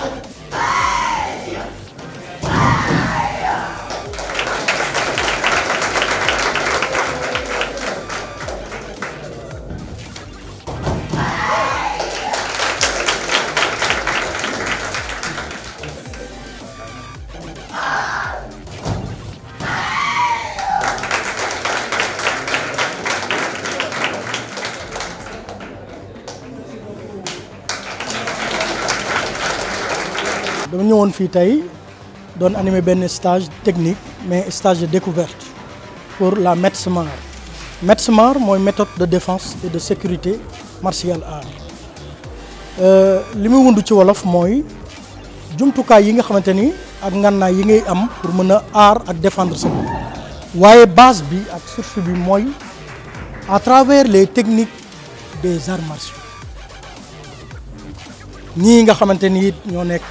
I, dama ñëwoon fii tey doon animer benn stage technique mais stage de découverte pour la Metsmar Metsmar, mooy méthode de défense et de sécurité martial art euh, li muy wund ci wolof mooy jumtukaay yi nga xamante ni ak ngànnaay yi ngay am pour mën a aar ak défendre sa base bi ak source bi mooy à travers les techniques des arts martiaux ñii nga xamante ni ñoo nekk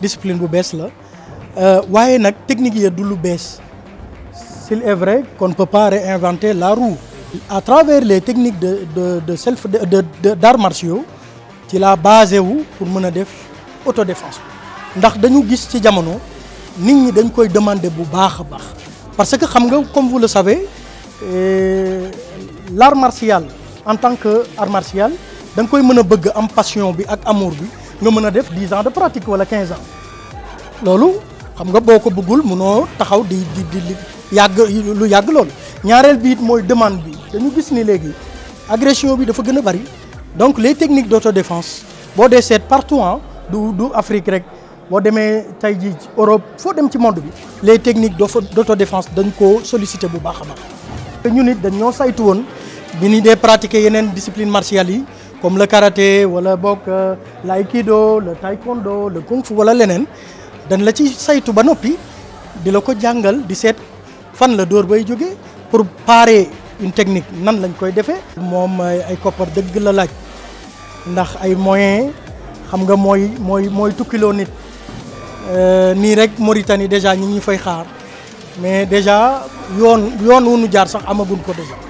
discipline bu bess la euh, waaye nak technique ya du lu s'il est vrai qu'on ne peut pas réinventer la roue à travers les techniques de de de self de de d'arts martiaux ci la basé wu pour mën a def autodéfense ndax dañu gis ci jamono nit ñi dañ koy demander bu baax parce que xam nga comme vous le savez euh, l'art martial en tant que art martial da koy mën bëgg am passion bi ak amour bi nga mën def 10 ans de pratique wala 15 ans lolou xam nga boko ko bëggul mënoo taxaw di di di yàgg lu yag lolou ñaarel bi moy demande bi dañu gis ni légui agression bi dafa gëna bari donc les techniques d'autodéfense bo dee partout hein du du Afrique rek bo demee tay ji Europe fo dem ci monde bi les techniques d'autodéfense dañ ko solliciter bu baax a baax. ñun it dañ ñoo saytu won bi ni dee pratiquer yenen discipline martiale yi. comme le karaté wala bokk euh, l'aïkido le taekwondo le kung fu wala leneen dañ la ci saytu ba noppi di la ko jàngal di seet fan la dóor bay jóge pour pare une technique nan lañ koy defee. moom ay koppar dëgg la laaj ndax ay moyens xam nga mooy mooy mooy tukkiloo nit euh, nii rek Mauritanie déjà ñi ñu fay xaar mais déjà yoon yoon wu nu jaar sax amaguñ ko déjà.